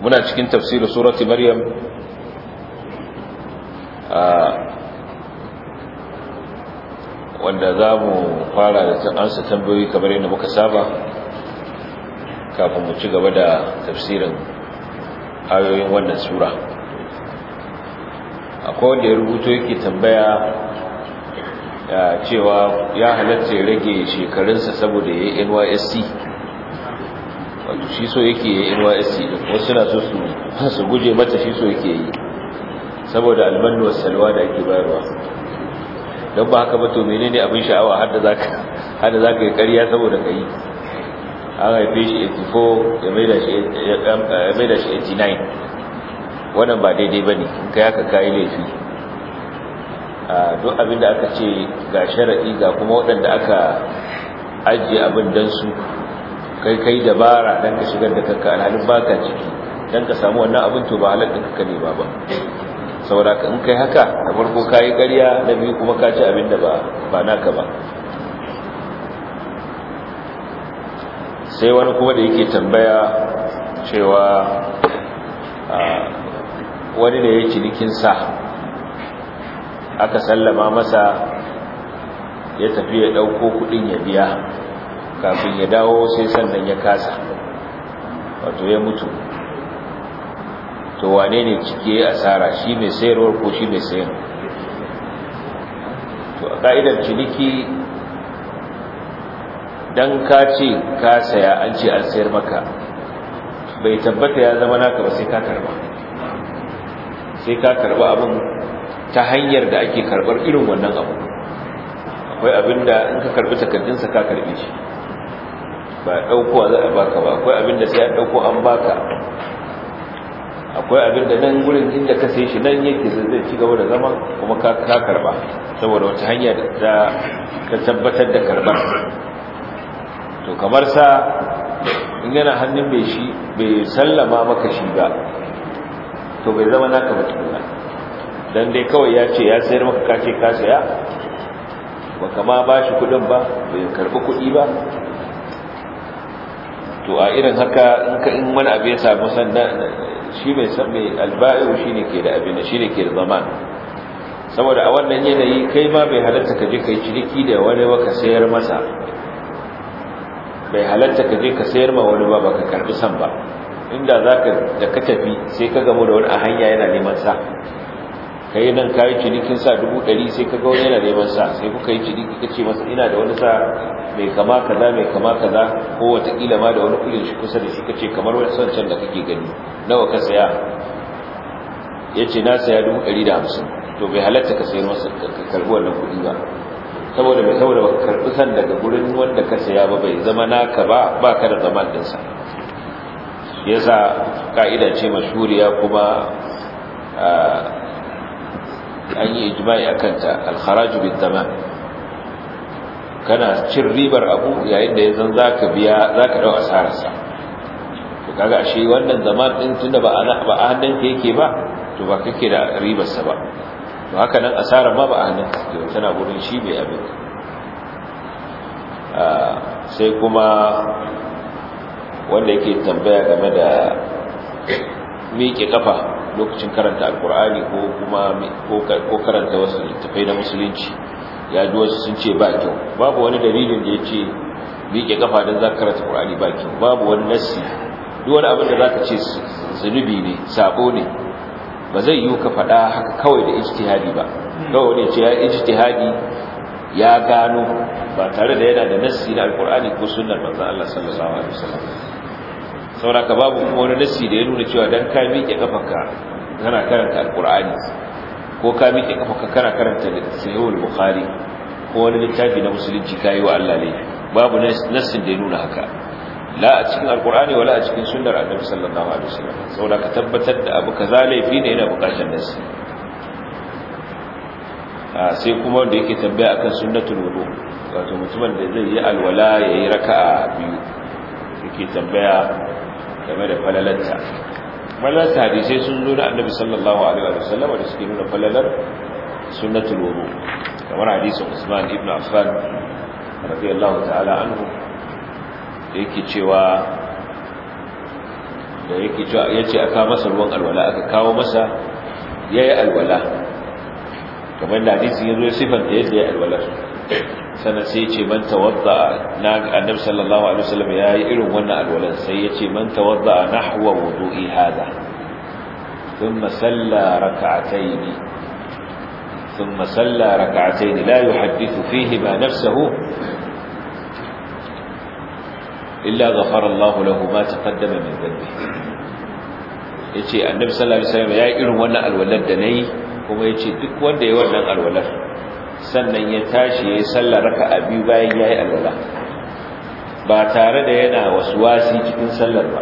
muna cikin tafsirin surati maryam a za mu fara da ansa tambayoyi kamar yadda muka saba kafin mu ci gaba da tafsirin ayoyin wannan sura akwai wanda ya rubuto yake tambaya da cewa ya halatta ya rage shekarunsa saboda ya yi nysc wato shi so yake ya yi nysc da wasu na so su guje mata shi so yake yi saboda almannuwar salwa da ake bayarwa don ba haka ba to menene abin sha'awa har da zaka har da zaka yi ƙarya saboda kai an haife shi 84 ya maida shi ya maida shi 89 wannan ba daidai bane in kai haka kai laifi a duk abin da aka ce ga shar'i ga kuma waɗanda aka ajiye abin dan su kai kai dabara dan ka shigar da kanka alhalin baka ciki dan ka samu wannan abin to ba halal ɗin ka ne ba ba saboda in kai haka da farko kayi ƙarya na biyu kuma ka ci abin da ba ba naka ba sai wani kuma da yake tambaya cewa wani da ya cinikin sa aka sallama masa ya tafi ya ɗauko kuɗin ya biya kafin ya dawo sai sannan ya kasa wato ya mutu to wane ne cike asara shi mai sayarwar ko shi mai sayar? to a ka'idar ciniki don ka ce ka saya an ce an sayar maka bai tabbata ya zama naka ba sai ka karba sai ka karba abin ta hanyar da ake karbar irin wannan abu akwai abin da in ka karbi takardinsa ka karbi shi ba ɗaukowa za a baka ba akwai abin da sai a ɗauko an baka akwai abin da nan gurin inda ka sai shi nan yake zai ci gaba da zama kuma ka karba saboda wata hanya da ta tabbatar da karba to kamar sa in yana hannun bai shi bai sallama maka shi ba to bai zama naka ba tukuna dan dai kawai ya ce ya sayar maka kace ka saya ba kama ba shi kudin ba bai karbi kudi ba to a irin haka in ka in wani abu ya samu sannan shi mai sami mai shi ne ke da abin da shi ne ke da zaman saboda a wannan yanayi kai ma bai halatta ka je kai ciniki da wani ba ka sayar masa bai halatta ka je ka sayar ma wani ba baka karfi san ba inda ka da ka tafi sai ka gamu da wani a hanya yana neman sa kai nan ka yi cinikin sa dubu ɗari sai ka ga wani yana neman sa sai kuka yi ciniki ka ce masa ina da wani sa mai kama kaza mai kama kaza ko wataƙila ma da wani kulin shi kusa da shi ka ce kamar wani son can da kake gani nawa ka saya ya ce na saya dubu ɗari da hamsin to bai halatta ka sayar masa ka karɓi wannan kuɗi ba saboda mai saboda baka karɓi san daga gurin wanda ka saya ba bai zama naka ba ba ka da zaman ɗinsa yasa ka'ida ce mashuriya kuma ah, an yi ijma'i akan ta al-kharaju bid kana cin ribar abu yayin da yanzu zaka biya zaka dau asarar to kaga ashe wannan zaman din tunda ba ana ba a ka yake ba to ba kake da ribarsa sa ba to haka nan asarar ma ba a hannun ka yau tana gurin shi bai abin ah, sai kuma wanda yake tambaya game da miƙe kafa lokacin karanta alkur'ani ko kuma ko karanta wasu littafai na musulunci ya ji wasu sun ce ba kyau babu wani dalilin da ya ce miƙe kafa don za ka karanta alkur'ani ba kyau babu wani nassi duk wani abin da za ka ce zunubi ne sabo ne ba zai yi ka faɗa haka kawai da ijtihadi ba kawai ne ce ya ijtihadi ya gano ba tare da yana da nassi na alkur'ani ko sunnar manzon Allah sallallahu alaihi wasallam sauraka babu kuma wani nassi da ya nuna cewa dan ka miƙe kafanka kana karanta alqur'ani ko ka miƙe kafanka kana karanta sahihul bukhari ko wani littafi na musulunci kai wa Allah ne babu nasin da ya nuna haka la a cikin alqur'ani wala a cikin sunnar annabi sallallahu alaihi wasallam saboda ka tabbatar da abu kaza laifi ne yana bukatar nasi sai kuma wanda yake tambaya akan sunnatul wudu wato mutumin da zai yi alwala yayi raka'a biyu yake tambaya game da falalarta falalar hadisai sun zo da annabi sallallahu alaihi wa sallam da suke nuna falalar sunnatul wudu kamar hadisin Usman ibn Affan radiyallahu ta'ala anhu da yake cewa da yake cewa yace aka masa ruwan alwala aka kawo masa yayi alwala kamar da hadisi yazo sifar da yadda yayi alwala sannan sai ce man tawadda na annabi sallallahu alaihi wasallam yayi irin wannan alwalan sai yace man tawadda nahwa wudu'i hada thumma salla rak'atayn thumma salla rak'atayn la yuhaddithu fihi ma nafsuhu illa ghafara Allah lahu ma taqaddama min dhanbi yace annabi sallallahu alaihi wasallam yayi irin wannan alwalan da nayi kuma yace duk wanda ya yi wannan alwalan sannan ya tashi ya yi sallar a biyu bayan ya yi alwala ba tare da yana wasu wasi cikin sallar ba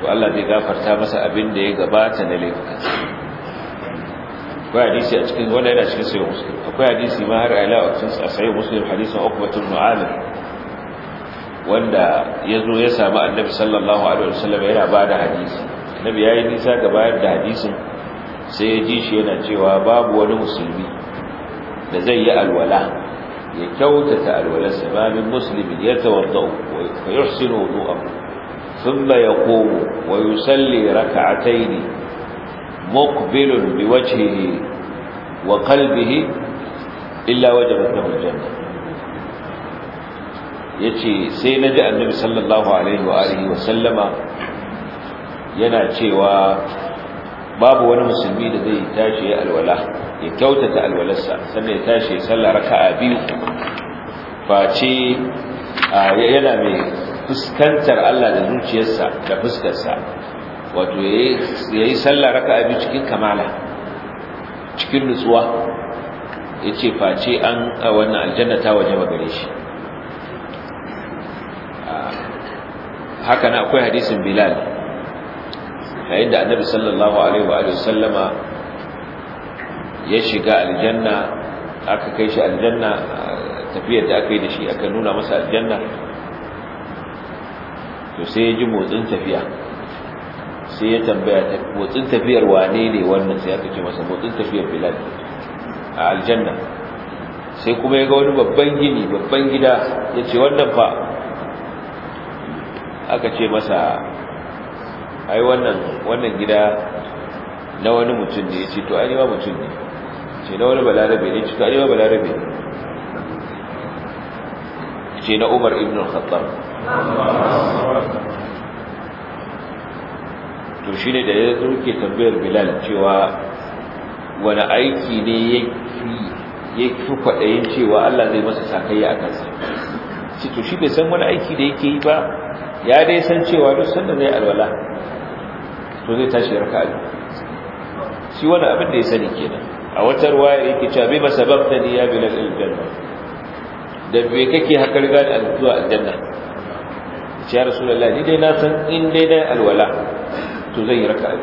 to Allah zai gafarta masa abin da ya gabata na laifuka. akwai hadisi a cikin wanda yana cikin sayo muslim akwai hadisi ma har ala a cikin sayo muslim hadisin ukbatun mu'amil, wanda ya zo ya samu annabi sallallahu alaihi wasallam yana ba da hadisi annabi ya yi nisa ga bayar da hadisin sai ya ji shi yana cewa babu wani musulmi لزي الولاء يكوت الولاء من مسلم يتوضا فيحسن وضوءه ثم يقوم ويصلي ركعتين مقبل بوجهه وقلبه الا وجبت له الجنه yace sai النبي صلى الله عليه واله وسلم wa و babu wani musulmi da zai tashi ya alwala ya kyautata alwalarsa sannan ya tashi ya sallah raka'a biyu face yana mai fuskantar Allah da zuciyarsa da fuskarsa wato yayi sallah raka'a biyu cikin kamala cikin nutsuwa Ya ce face an a wannan aljanna ta waje gare shi haka na akwai hadisin Bilal a yadda annabi sallallahu alaihi wa sallama ya shiga aljanna aka kai shi aljanna tafiyar da aka yi da shi aka nuna masa aljanna to sai ya ji motsin tafiya sai ya tambaya motsin tafiyar wane ne wannan sai aka ce masa motsin tafiyar bilal a aljanna sai kuma ya ga wani babban gini babban gida ya ce wannan fa aka ce masa ai wannan wannan gida na wani mutum ne yace to ai ma mutum ne ce na wani balarabe ne ce to ai ma balarabe ne yace na Umar ibn al-Khattab to shine da ya yake tambayar Bilal cewa wani aiki ne yake kwaɗayin cewa Allah zai masa sakayya a kansa ce to shi bai san wani aiki da yake yi ba ya dai san cewa duk sanda zai alwala to zai tashi raka'a shi wani abin da ya sani kenan a wata ruwaya yake cewa bai masabab ni ya bilal aljanna da bai kake hakar riga da zuwa aljanna ce ya rasulullahi ni dai na san in dai dai alwala to zai raka'a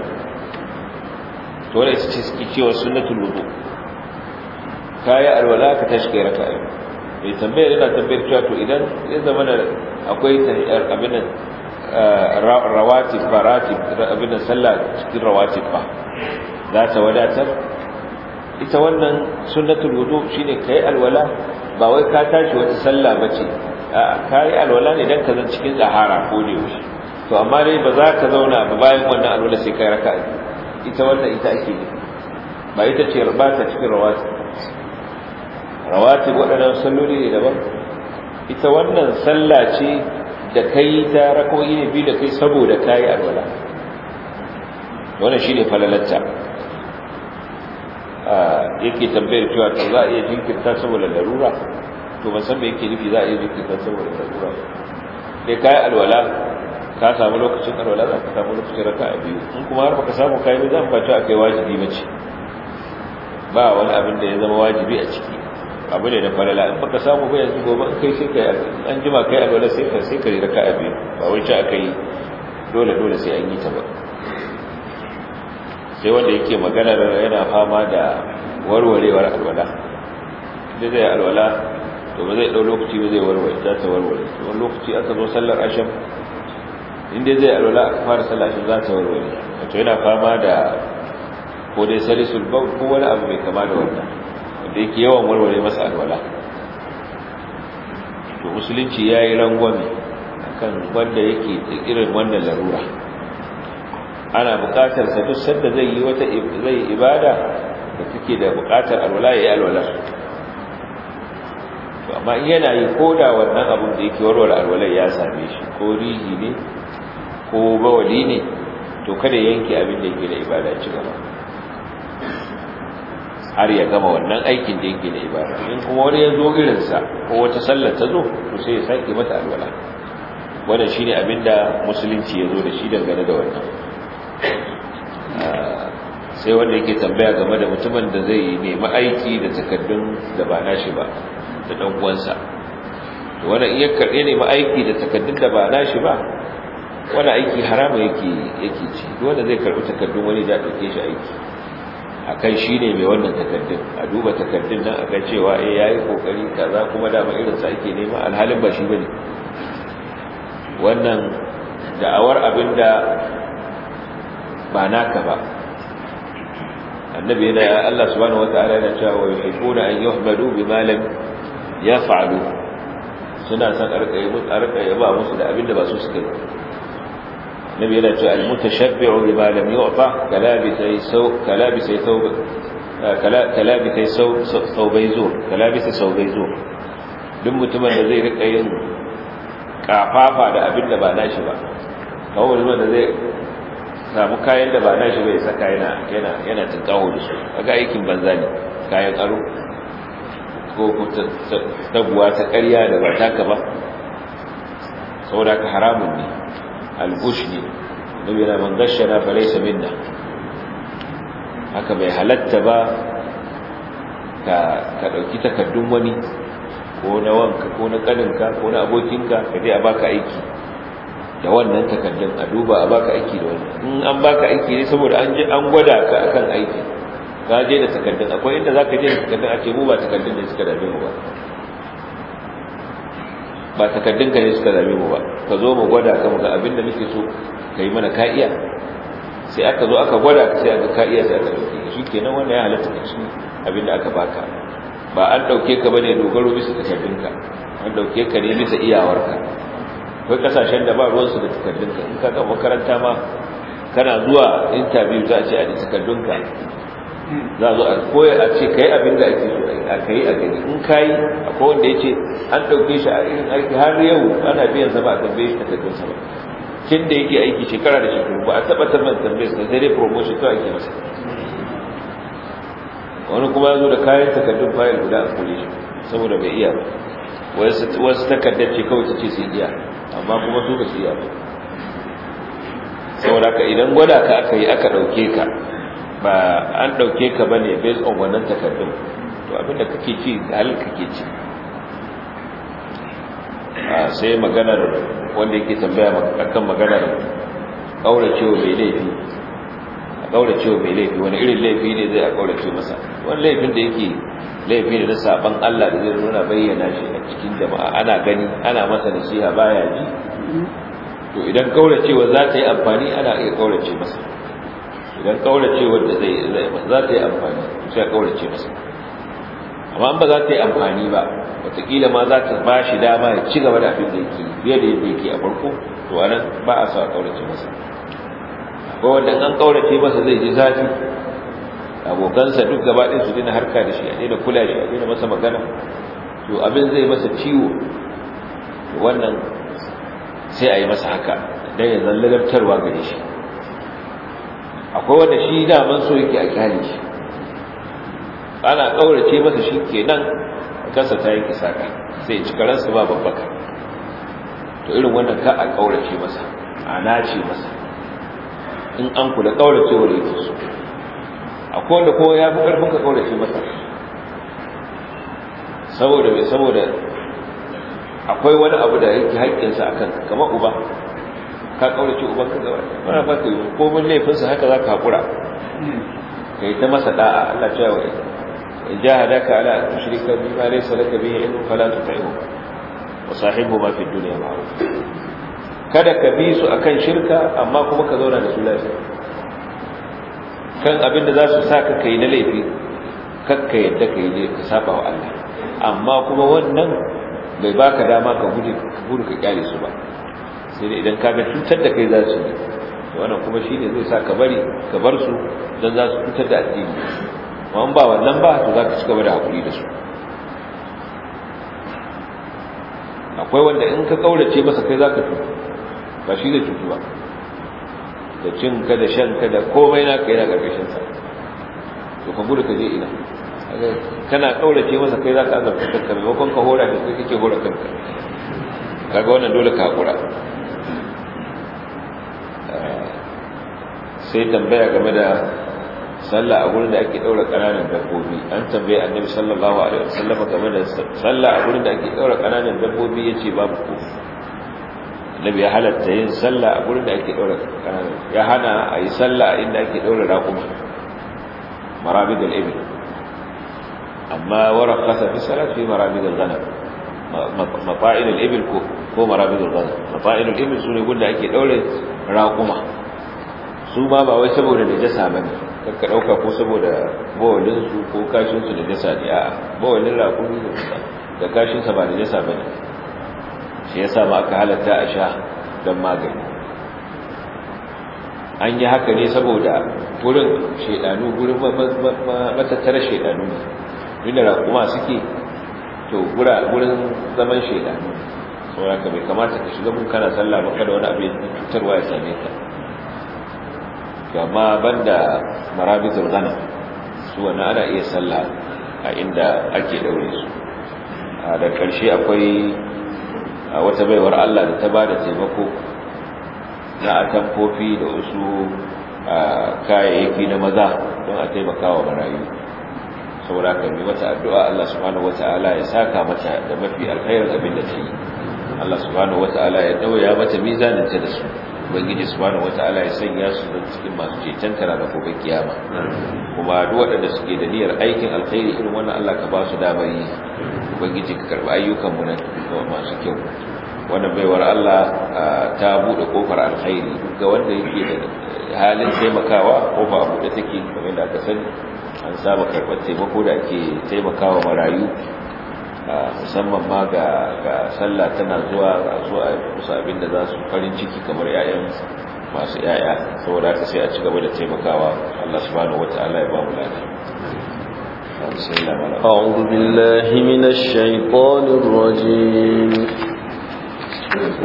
to wani ita ce suke cewa sunnatul wudu kaya alwala ka tashi kai raka'a mai tambayar yana tambayar cewa to idan ya zama da akwai eh, abin da eh, rawatib ba ratib abin da sallah cikin rawatib ba za ta wadatar ita wannan sunnatul wudu shine kai alwala ba wai ka tashi wata sallah bace a kai alwala ne dan ka zan cikin zahara ko ne yaushe to amma dai ba za ka zauna ba bayan wannan alwala sai kai raka'a ita wannan ita ake ba ita ce ba ta cikin rawatib rawatib waɗannan salloli ne daban ita wannan salla ce da kai ta rakoyi ne biyu da kai saboda kai alwala wannan shine falalatta yake tambayar cewa to za a iya jinkirta saboda larura to ba san me yake nufi za a iya jinkirta saboda larura ne kai alwala ka samu lokacin alwala za ka samu lokacin a biyu in kuma har baka samu kai ba za mu fata a kai wajibi mace? ba wani abin da ya zama wajibi a ciki abu ne da falala in baka samu ba yanzu gobe kai sai kai an jima kai alwala sai ka sai ka yi raka'a biyu ba wai ta akai dole dole sai an yi ta ba sai wanda yake magana yana fama da warwarewar alwala da zai alwala to ba zai dau lokaci ba zai warware za ta warware to wani lokaci aka zo sallar asham inda zai alwala aka fara sallar asham za ta warware to yana fama da ko dai salisul ba ko wani abu mai kama da wannan da yake yawan warware masa alwala to musulunci ya yi rangwami akan wanda yake irin wannan larura ana bukatar sa duk sanda zai yi wata zai ibada da take da bukatar alwala ya alwala to amma in yana yi koda wannan abun da yake warware alwala ya same shi ko rihi ne ko bawali ne to kada yanke abin da yake da ibada ci gaba har ya gama wannan aikin da yake na ibada in kuma wani ya zo irinsa ko wata sallar ta zo to sai ya sake mata alwala wannan shine abin da musulunci ya zo da shi dangane da wannan ah, sai wanda yake tambaya game da mutumin da zai nemi aiki da takaddun da ba nashi ba da dan uwansa wannan ya karɓe nemi aiki da takaddun da ba nashi ba wannan aiki harama yake yake ci wanda zai karɓi takaddun wani da dauke shi aiki akan shi ne mai wannan takardun a duba takardun nan akan cewa eh yayi kokari kaza kuma dama irin ake nema alhalin ba shi ne. wannan da'awar abin da ba naka ba annabi yana Allah subhanahu wataala yana cewa wa yuhibbuna an yuhmadu bima lam yaf'alu suna san arka yi musu da abin da abinda ba su suka yi nabi yana cewa al-mutashabbi'u bima lam yu'ta kalabisai sau kalabisai sau eh, kalabisai sau saubai zo kalabisai duk mutumin da zai rika yin kafafa da abin da ba shi ba kawo kawai wanda zai samu kayan da ba na shi bai saka yana yana yana tinkaho da su kaga aikin banza ne kayan aro ko taguwa ta karya da ba taka ba sau da ka haramun ne al-ushni nabi na man gashana fa laysa minna haka bai halatta ba ka ka dauki takaddun wani ko na wanka ko na ƙaninka ko na abokinka ka dai a baka aiki da wannan takaddun a duba a baka aiki da wannan in an baka aiki ne saboda an an gwada ka akan aiki ka je da takaddun akwai inda zaka je da takaddun a ce mu ba takaddun ne suka dabe mu ba ba takardun ka ne suka zame mu ba ka zo mu gwada ka mu ga abin da muke so ka yi mana ka'iya sai aka zo aka gwada ka sai aka ka'iya sai aka dauke ka nan wannan ya halatta ka shi abin da aka baka ba an dauke ka bane dogaro bisa takardun ka an dauke ka ne bisa iyawarka akwai kasashen da ba ruwan su da takardun ka in ka ga makaranta ma kana zuwa interview za a ce a takardun ka za zo a koya a ce kai abin da ake so a kai a gani in kai akwai wanda ce an dauke shi a irin aiki har yau ana biyan sa ba a tambaye shi takardun sa ba kin da yake aiki shekara da shekaru ba a taba taban tambaye sa sai dai promotion to ake masa wani kuma ya zo da kayan takardun fayil guda a kore shi saboda bai iya ba wasu takardar ce kawai ta ce sai iya amma kuma su ba su iya ba saboda ka idan gwada ka aka yi aka dauke ka ba an ɗauke ka ba ne based on wannan takardun to abinda kake ci halin kake ci sai maganar wanda yake tambaya akan maganar ƙauracewa mai laifi a ƙauracewa mai laifi wani irin laifi ne zai a ƙaurace masa wani laifin da yake laifi ne na saban Allah da zai nuna bayyana shi a cikin jama'a ana gani ana masa nasiha baya ji to idan ƙauracewa za ta yi amfani ana iya ƙaurace masa don kaurace wanda zai za ta yi amfani sai kaurace masa amma ba za ta yi amfani ba wataƙila ma za ta ba shi dama ya ci gaba da abin da yake fiye da yadda yake a farko to a nan ba a sa kaurace masa akwai wanda an kaurace masa zai ji zafi abokansa duk gaba ɗin su dina harka da shi a daina kula shi a daina masa magana to abin zai masa ciwo to wannan sai a yi masa haka don ya zan ladabtarwa gare shi akwai wanda shi daman so yake a kyale shi ana kaurace masa shi kenan kansa ta yanke saka sai ci karansa ba babbaka to irin wannan ka a kaurace masa a nace masa in an kula kaurace wa yake so akwai wanda kowa ya fi karfin ka kaurace masa saboda mai saboda akwai wani abu da yake haƙƙinsa akan kamar uba ka kaurace uban ka gaba ba ba ka yi ko mun laifin sa haka zaka hakura kai ta masa da'a Allah ya wa jahadaka ala tushrika bima laysa laka bihi ilmun fala tuti'u wa sahibu ma fi dunya ma'ruf kada ka bi su akan shirka amma kuma ka zauna da su lafiya kan abin da za su sa ka kai na laifi kakka yadda ka yi ka saba wa Allah amma kuma wannan bai baka dama ka gudu ka kyale su ba sai idan idan ga cutar da kai za su yi wannan kuma shine zai sa ka bari ka bar su dan za su cutar da addini amma ba wannan ba to ci cigaba da hakuri da su akwai wanda in ka kaurace masa kai zaka cutu ba shi zai cutu ba da cin ka da shan ka da komai na kai na karkashin sa to ka gudu ka je ina kana kaurace masa kai zaka azabta kanka maimakon ka hora da kai kake hora kanka kaga wannan dole ka hakura sai tambaya game da sallah a gurin da ake daura kananan dabbobi an tambaye annabi sallallahu alaihi wasallam game da sallah a gurin da ake daura kananan dabbobi yace babu ko annabi ya halatta yin sallah a gurin da ake daura kananan ya hana a yi sallah inda ake daura raƙuma marabid al-ibil amma warqasa fi salati marabid al-ghanam mafa'il al-ibil ko ko marabid al-ghanam mafa'il al-ibil sune gurin da ake daure raƙuma su ma ba wai saboda najasa ne ka ɗauka ko saboda bawalin ko kashin su najasa ne a bawalin ne da kashin sa ba najasa ne shi ya ma aka halatta a sha don magani an yi haka ne saboda wurin shaidanu wurin matattara shaidanu ne inda rakuma suke to wurin zaman shaidanu saboda ka kamar kamata ka shiga mun kana sallah ba kada wani abin cutarwa ya same ka gama banda marabitul ghanam su wani ana iya sallah a inda ake daure su da ƙarshe akwai wata baiwar Allah da ta bada taimako na atamfofi da wasu kayayyaki na maza don a taimaka wa marayu saboda kan yi mata addu'a Allah subhanahu wata'ala ya saka mata da mafi alkhairar abin da ta yi Allah subhanahu wata'ala ya dauya mata mizanin ta da su ubangiji wata wataala ya sanya su da cikin masu ceton kara da gobe kiyama kuma duk waɗanda suke da niyyar aikin alkhairi irin wannan Allah ka ba su damar yi ubangiji ka karɓi ayyukan mu na masu kyau wannan baiwar Allah ta bude kofar alkhairi ga wanda yake da halin taimakawa ko ba abu da take kamar da aka sani an saba karɓar taimako da ake taimakawa marayu musamman ma ga sallah tana zuwa zuwa musu abin da za su farin ciki kamar 'ya'yan masu 'ya'ya saboda haka sai a ci gaba da taimakawa Allah subhanahu ala ya ba mu lafiya أعوذ بالله من الشيطان الرجيم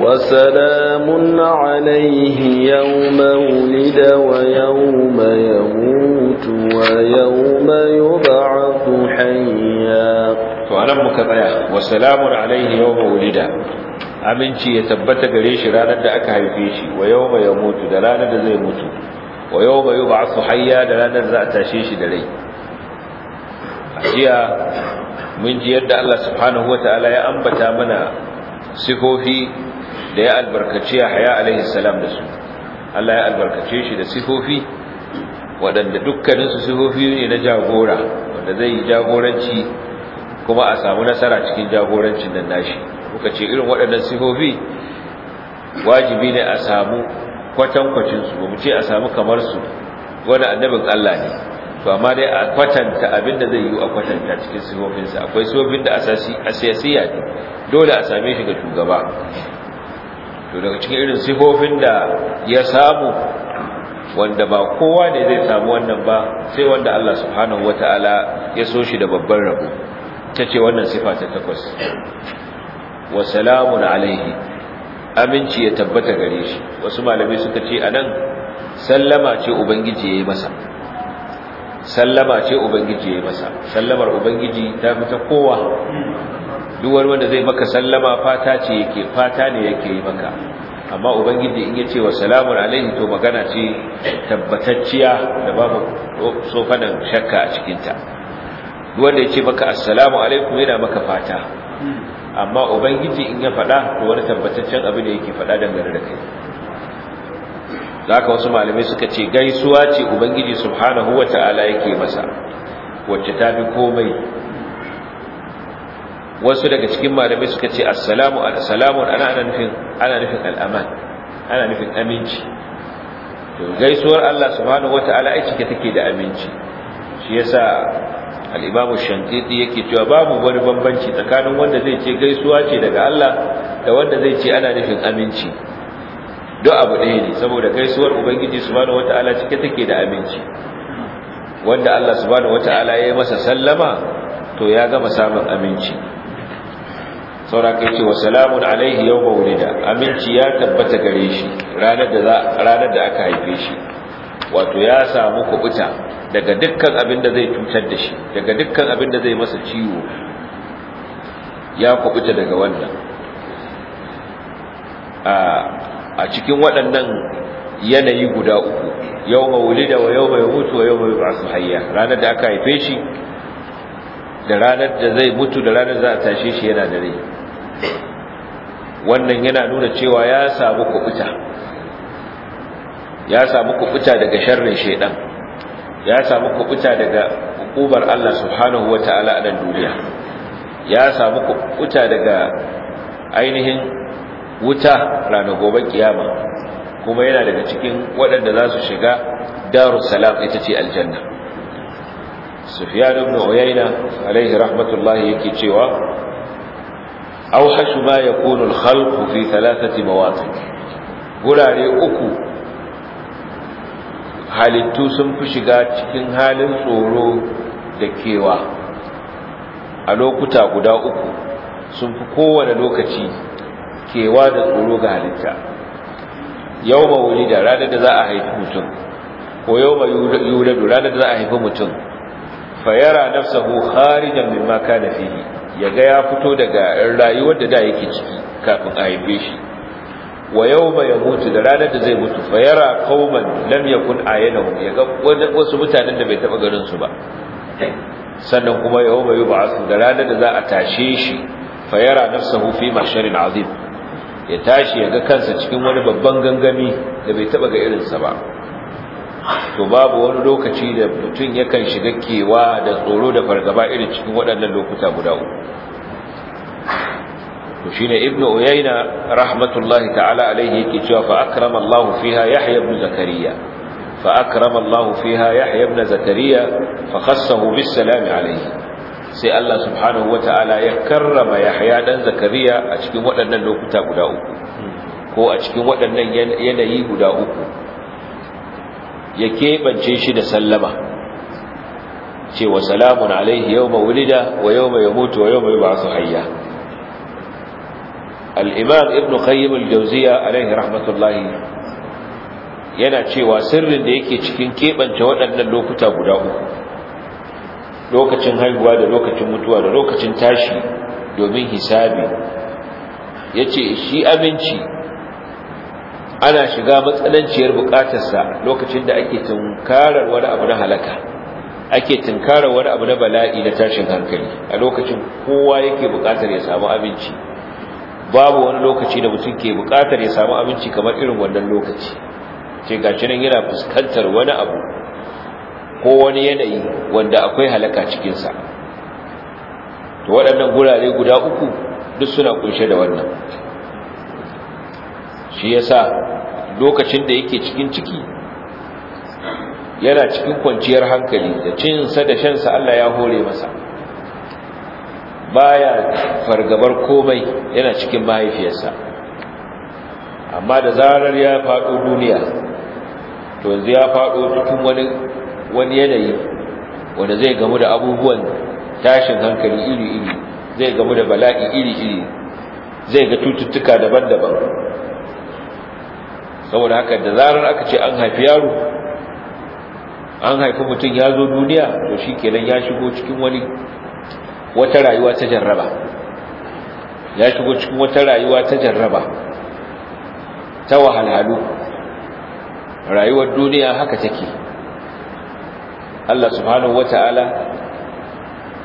وسلام عليه يوم ولد ويوم يموت ويوم يبعث حيا فأنا مكتايا وسلام عليه يوم maulida. aminci ya tabbata gare shi ranar da aka haife shi wa yau ya mutu, da ranar da zai mutu wa yau yawma yub'athu hayya da ranar za a tashe shi da rai A jiya mun ji yadda Allah subhanahu wataala ya ambata mana sifofi da ya albarkaci Yahya alaihi salam da su Allah ya albarkace shi da sifofi waɗanda dukkanin su sifofi ne na jagora wanda zai yi jagoranci kuma a samu nasara cikin jagorancin nan nashi kuka ce irin waɗannan sifofi wajibi ne a samu kwatankwacinsu. su ba mu ce a samu kamar su wani annabin Allah ne to amma dai a kwatanta abinda zai yi a kwatanta cikin sifofinsa akwai sifofin da asiyasiya ne dole a same shi ga shugaba to daga cikin irin sifofin da ya samu wanda ba kowa ne zai samu wannan ba sai wanda Allah subhanahu wataala ya so shi da babban rabo ta ce wannan sifa ta takwas wa salamun alaihi aminci ya tabbata gare shi wasu malamai suka ce anan sallama ce ubangiji ya yi masa sallama ce ubangiji ya masa sallamar ubangiji ta fita kowa duk wani wanda zai maka sallama fata ce yake fata ne yake yi maka amma ubangiji in ya ce wa salamun alaihi to magana ce tabbatacciya da babu sofanan shakka a cikinta duk wanda ya ce maka assalamu alaikum yana maka fata amma ubangiji in ya faɗa to wani tabbataccen abu ne yake faɗa dangane da kai zaka wasu malamai suka ce gaisuwa ce ubangiji subhanahu wata'ala yake masa wacce ta bi komai wasu daga cikin malamai suka ce assalamu alassalamu ana ana nufin ana nufin al'aman ana nufin aminci to gaisuwar Allah subhanahu wata'ala ai cike take da aminci shi yasa al-Imam Shankiti yake cewa babu wani bambanci tsakanin wanda zai ce gaisuwa ce daga Allah da wanda zai ce ana nufin aminci duk abu ɗaya ne saboda gaisuwar ubangiji subhanahu wataala cike take da aminci wanda Allah subhanahu wataala ya yi masa sallama to ya gama samun aminci sauraka yace wa salamun alaihi yawma wulida aminci ya tabbata gare shi ranar da aka haife shi wato ya samu kubuta daga dukkan abin da zai cutar da shi daga dukkan abin da zai masa ciwo ya kubuta daga wannan a ah, a cikin waɗannan yanayi guda uku yau wulida wa yau mai mutu wa yau mai su hayya ranar da aka haife shi da ranar da zai mutu da ranar za a tashe shi yana da rai wannan yana nuna cewa ya samu kubuta ya samu kubuta daga sharrin shaidan ya samu kubuta daga hukumar Allah subhanahu wataala a nan duniya ya samu kubuta daga ainihin wuta ranar gobe kiyama kuma yana daga cikin waɗanda za su shiga salam ita ce aljanna sufyan ibn uyayna alaihi rahmatullahi yake cewa awhashu ma yakunu al-khalqu fi thalathati mawatin gurare uku halittu sun fi shiga cikin halin tsoro da kewa a lokuta guda uku sun fi kowane lokaci kewa da tsoro ga halitta yau ma da ranar da za a haifi mutum ko yau ma da ranar da za a haifi mutum fayara nafsahu hari da kana da fili ya ga ya fito daga rayuwar da da yake ciki kafin a haife shi wa yau ya mutu da ranar da zai mutu fayara kauman lam yana ya yaga wasu mutanen da bai taba garin su ba sannan kuma yau yawma yub'asu da ranar da za a tashe shi fayara na fi azim ya tashi ya ga kansa cikin wani babban gangami da bai taba ga irinsa ba to babu wani lokaci da mutum yakan shiga kewa da tsoro da fargaba irin cikin waɗannan lokuta guda uku to shine ibnu uyayna rahmatullahi ta'ala alaihi yake cewa fa akrama Allah fiha yahya ibn zakariya fa akrama Allah fiha yahya ibn zakariya fa khassahu bis salam alaihi sai Allah subhanahu Ta'ala ya karrama Yahya ɗan Zakariya a cikin waɗannan lokuta guda uku ko a cikin waɗannan yanayi guda uku ya keɓance shi da sallama cewa salamun alaihi yawma wulida wa yau yawma yamutu wa yau yawma yub'athu hayya al-imam ibn qayyim al-jawziya alaihi rahmatullahi yana cewa sirrin da yake cikin keɓance waɗannan lokuta guda uku lokacin haihuwa da lokacin mutuwa da lokacin tashi domin hisabi ya ce shi aminci ana shiga matsananciyar bukatarsa lokacin da ake tunkarar wani abu na halaka ake tunkarar wani abu na bala'i na tashin hankali a lokacin kowa yake bukatar ya samu aminci babu wani lokaci da mutum ke bukatar ya samu aminci kamar irin wannan lokaci ce gashi yana fuskantar wani abu ko wani yanayi wanda akwai halaka cikinsa to waɗannan gurare guda uku duk suna kunshe da wannan shi yasa lokacin da yake cikin ciki yana cikin kwanciyar hankali da cinsa da shansa Allah ya hore masa baya fargabar komai yana cikin mahaifiyarsa amma da zarar ya faɗo duniya to yanzu ya faɗo cikin wani wani yanayi wanda zai gamu da abubuwan tashin hankali iri-iri zai gamu da bala'i iri-iri zai ga tututtuka daban-daban saboda haka da zarar aka ce an haifi yaro an haifi mutum ya zo duniya to shi kenan ya shigo cikin wani wata rayuwa ta jarraba ya shigo cikin wata rayuwa ta jarraba ta wahalhalu rayuwar duniya haka take Allah subhanahu wataala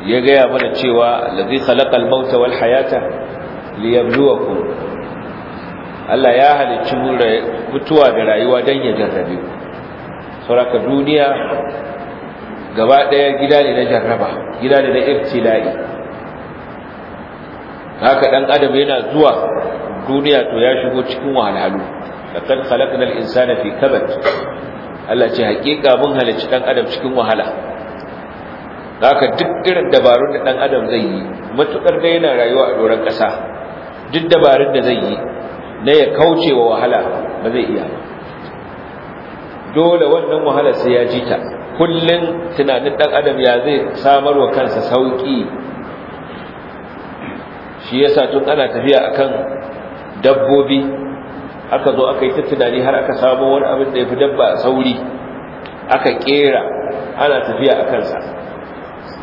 ya gaya mana cewa allazi khalaqal mauta wal hayata liyabluwakum Allah ya halicci mutuwa da rayuwa don ya jarrabe ku sauraka duniya gaba daya gida ne na jarraba gida ne na ibtila'i haka dan adam yana zuwa duniya to ya shigo cikin wahalhalu laqad khalaqnal insana fi kabad Allah ce hakika mun halici dan adam cikin wahala haka duk irin dabarun da dan adam zai yi matukar da yana rayuwa a doron ƙasa. duk dabarun da zai yi na ya kauce wa wahala ba zai iya dole wannan wahala sai ya jita kullun tunanin dan adam ya zai samar wa kansa sauƙi. shi yasa tun ana tafiya akan dabbobi aka zo aka yi ta tunani har aka samu wani abin da ya fi dabba a sauri aka kera ana tafiya a kansa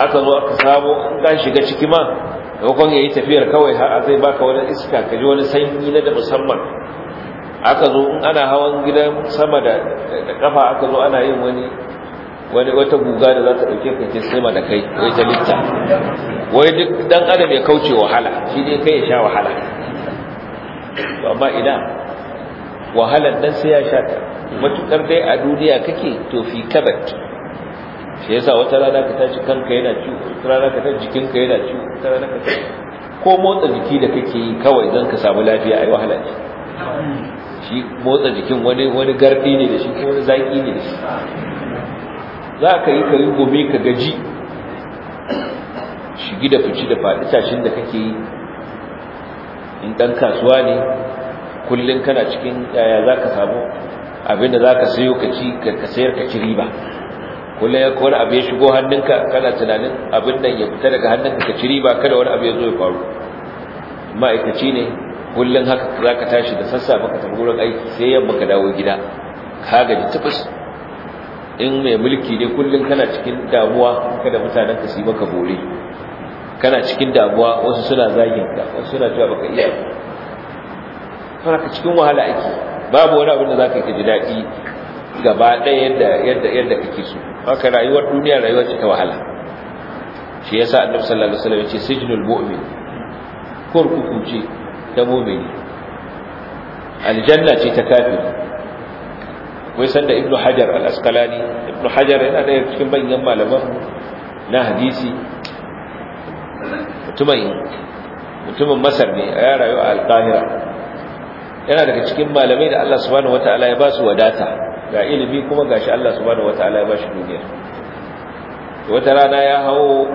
aka zo aka samu an ga shiga ciki ma kwan ya yi tafiyar kawai har zai baka wani iska ka ji wani sanyi na da musamman aka zo in ana hawan gidan sama da kafa aka zo ana yin wani wani wata guga da za ta ɗauke ka ce sama da kai wai ta litta wai duk dan adam ya kauce wahala shi ne kai ya sha wahala amma idan. wahalar dan sai ya sha ta matukar dai a duniya kake to fi kabat shi yasa wata rana ka tashi kanka yana ciwo wata rana ka tashi jikinka yana ciwo wata rana ka ko motsa jiki da kake yi kawai dan ka samu lafiya ai wahala ne shi motsa jikin wani wani gardi ne da shi ko wani zaki ne da shi za ka yi ka yi ka gaji shigi da fici da faɗi tashin da kake yi in ɗan kasuwa ne kullum kana cikin yaya za ka samu abinda za ka sayo ka ci ka sayar ka ci riba kullun ya kowane abu ya shigo hannunka kana tunanin abin nan ya fita daga hannunka ka ci riba kada wani abu ya zo ya faru ma'aikaci ne kullum haka za ka tashi da sassa ka tafi wurin aiki sai yamma ka dawo gida ka gaji tabbas in mai mulki ne kullum kana cikin damuwa kada mutanen ka su yi maka bore kana cikin damuwa wasu suna zagin ka wasu suna cewa baka iya haka cikin wahala ake babu wani abin da za ka yi ka daɗi gaba ɗaya yadda yadda yadda kake so haka rayuwar duniya rayuwar ce ta wahala shi ya sa annabi sallallahu alaihi wasallam ya ce sijnul mu'min kurkuku ce ta mu'mini aljanna ce ta kafin. wai sanda ibnu hajar al-asqalani ibnu hajar yana daya cikin manyan malaman na hadisi mutumin mutumin masar ne ya rayu a al-qahira yana daga cikin malamai da Allah subhanahu wataala ya ba su wadata ga ilimi kuma gashi Allah subhanahu wataala ya ba shi duniya wata rana ya hawo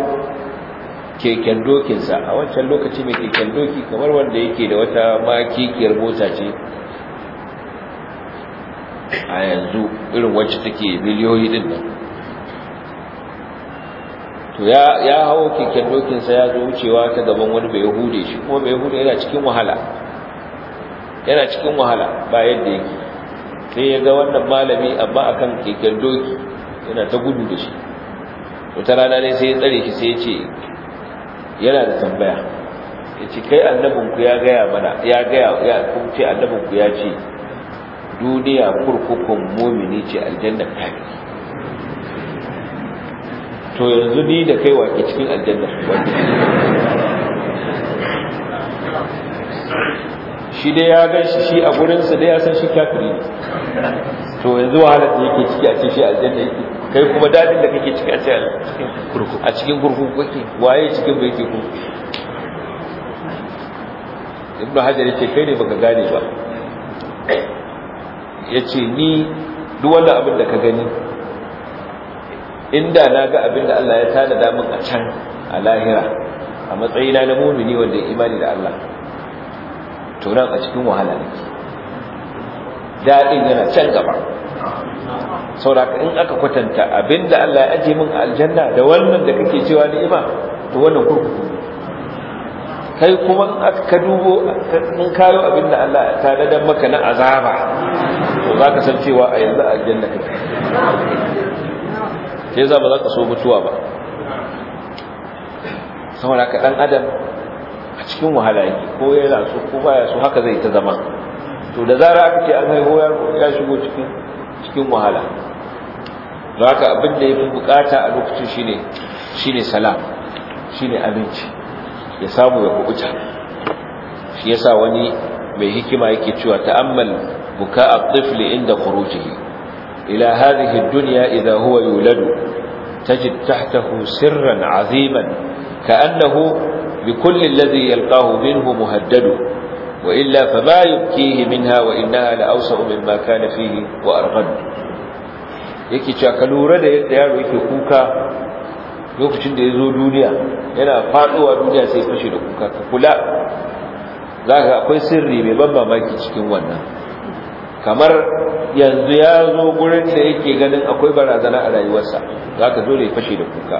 keken dokinsa a wancan lokaci mai keken doki kamar wanda yake da wata makikiyar mota ce a yanzu irin wacce take miliyoyi din nan to ya hawo keken dokinsa ya zo wucewa ta gaban wani bai hude shi kuma bai hude yana cikin wahala yana cikin wahala ba yadda yake sai ya ga wannan malami amma akan keken doki yana ta gudu da shi wata rana ne sai ya tsare shi sai ya ce yana da tambaya ya ce kai annabinku ya gaya mana ya gaya ya kuce annabinku ya ce duniya kurkukun mumini ce aljanna kafiri to yanzu ni da kai wake cikin aljanna wake shi dai ya gan shi a gurinsa dai ya san shi kafiri ne to yanzu wahalar da yake ciki a ce shi aljanna yake kai kuma dadin da kake ciki a ce a cikin kurkuku kake waye cikin bai ke kurkuku ibn hajar yake kai ne baka gane ba yace ni duk wannan abin da ka gani inda na ga abin da Allah ya tanada min a can a lahira a matsayina na mumini wanda imani da Allah to nan a cikin wahala nake daɗin yana can gaba ka in aka kwatanta abinda Allah ya aje min aljanna da wannan da kake cewa ni'ima to wannan kurkuku kai kuma in aka dubo in kayo abinda Allah ya da maka na azaba to zaka san cewa a yanzu aljanna kake sai za ba za ka so mutuwa ba saboda ka dan adam a cikin wahala yake ko yana so ko baya so haka zai ta zama to da zara aka ce an haihu ya shigo cikin cikin wahala don haka abin da ya fi bukata a lokacin shine shine salam shine abinci ya samu ya kubuta shi yasa wani mai hikima yake cewa ta'ammal buka at-tifli inda khurujihi ila hadhihi ad-dunya idha huwa yuladu tajid tahtahu sirran aziman ka'annahu بكل الذي يلقاه منه مهدد وإلا فما يبكيه منها وإنها لأوسع مما كان فيه وأرغد yake cewa ka lura da yadda yaro yake kuka lokacin da ya zo duniya yana faɗuwa duniya sai fashe da kuka ka kula za ka akwai sirri mai ban mamaki cikin wannan kamar yanzu ya zo gurin da yake ganin akwai barazana a rayuwarsa za ka da ya fashe da kuka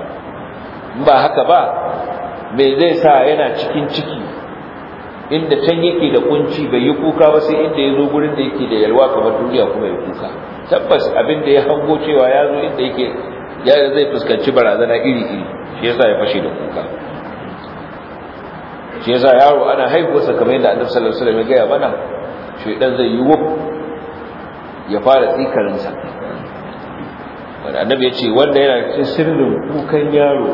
ba haka ba me zai sa yana cikin ciki inda can yake da kunci bai yi kuka ba sai inda ya zo gurin da yake da yalwa kamar duniya kuma ya kuka tabbas abin da ya hango cewa ya zo inda yake ya zai fuskanci barazana iri iri shi yasa ya fashe da kuka shi yasa yaro ana haihuwarsa kamar yadda annabi sallallahu alaihi wasallam ya gaya mana shedan zai yi wuf ya fara tsikarinsa wanda annabi ya ce wanda yana cikin sirrin kukan yaro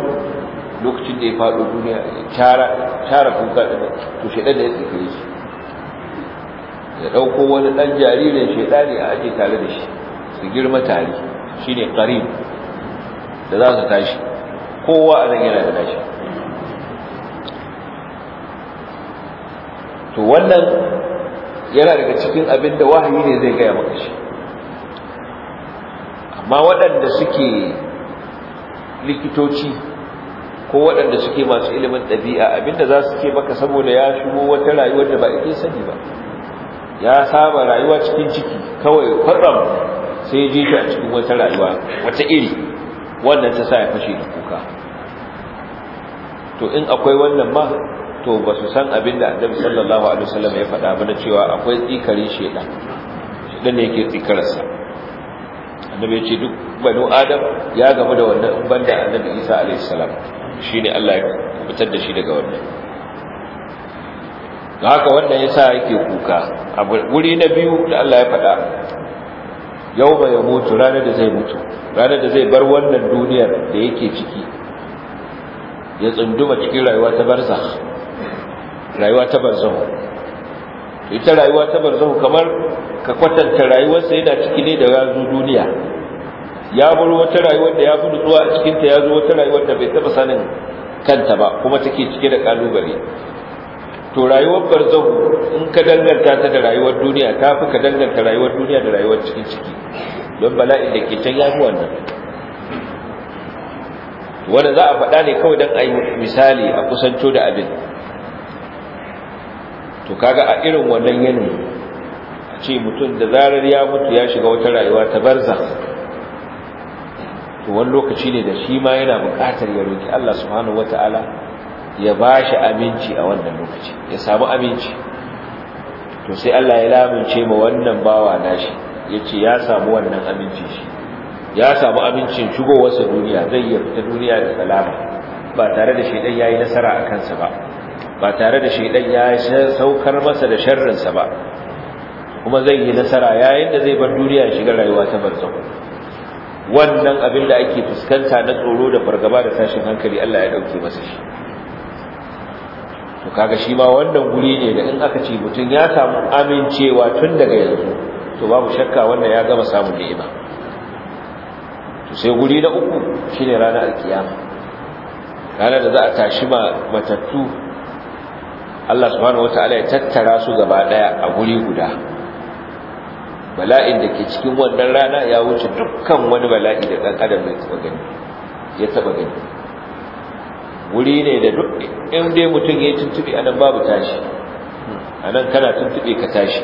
lokacin da ya faɗo duniya tara kuka da to ɗan da ya tsifire shi ya ɗauko wani ɗan jaririn shaidani a aje tare da shi su girma tare shi ne ƙari da za su tashi kowa a nan yana da tashi. to wannan yana daga cikin abin da wahayi ne zai gaya maka shi amma waɗanda suke likitoci ko waɗanda suke masu ilimin ɗabi'a abinda za su ce maka saboda ya shigo wata rayuwar da ba ake sani ba ya saba rayuwa cikin ciki kawai kwaɗam sai ya je shi a cikin wata rayuwa wata iri wannan ta sa ya fashe da kuka to in akwai wannan ma to ba su san abin da annabi sallallahu alaihi wasallam ya faɗa ba na cewa akwai tsikarin shedan shedan ne yake tsikararsa annabi ya ce duk banu adam ya gamu da wannan ban banda annabi isa alaihi salam ne Allah ya fitar da shi daga wannan Da haka wannan ya sa yake kuka a wuri na biyu da Allah ya faɗa ba ya mutu ranar da zai mutu ranar da zai bar wannan duniyar da yake ciki ya tsunduma cikin rayuwa ta barza. rayuwa ta barza ita rayuwa ta barza kamar ka kwatanta rayuwarsa yana ciki ne da razu duniya ya bar wata rayuwar da ya fi nutsuwa a cikinta ya zo wata rayuwar da bai taɓa sanin kanta ba kuma take cike da ƙalubale to rayuwar barzahu in ka danganta ta da rayuwar duniya ta fi ka danganta rayuwar duniya da rayuwar cikin ciki don bala'in da ke can ya fi wannan wanda za a faɗa ne kawai don a yi misali a kusanto da abin to kaga a irin wannan yanayi a ce mutum da zarar ya mutu ya shiga wata rayuwa ta barza to wani lokaci ne da shi ma yana buƙatar ya roki Allah subhanahu wataala ya ba shi aminci a wannan lokaci ya samu aminci to sai Allah ya lamince ma wannan bawa nashi yace ya samu wannan aminci shi ya samu amincin shigowarsa duniya zai yi fita duniya da salama ba tare da ya yayi nasara a kansa ba ba tare da shedan ya saukar masa da sharrinsa ba kuma zai yi nasara yayin da zai bar duniya shiga rayuwa ta barzahu wannan abin da ake fuskanta na tsoro da fargaba da tashin hankali Allah ya dauke masa shi to kaga shi ma wannan guri ne da in aka ce mutum ya samu amincewa tun daga yanzu to babu shakka wannan ya gama samun ni'ima to sai guri na uku shine ranar alkiyama ranar da za a tashi ma matattu Allah subhanahu wataala ya tattara su gaba daya a guri guda bala'in da ke cikin wannan rana ya wuce dukkan wani bala'i da ɗan adam ya taɓa gani ya gani wuri ne da duk in dai mutum ya tuntuɓe a nan babu tashi a nan kana tuntuɓe ka tashi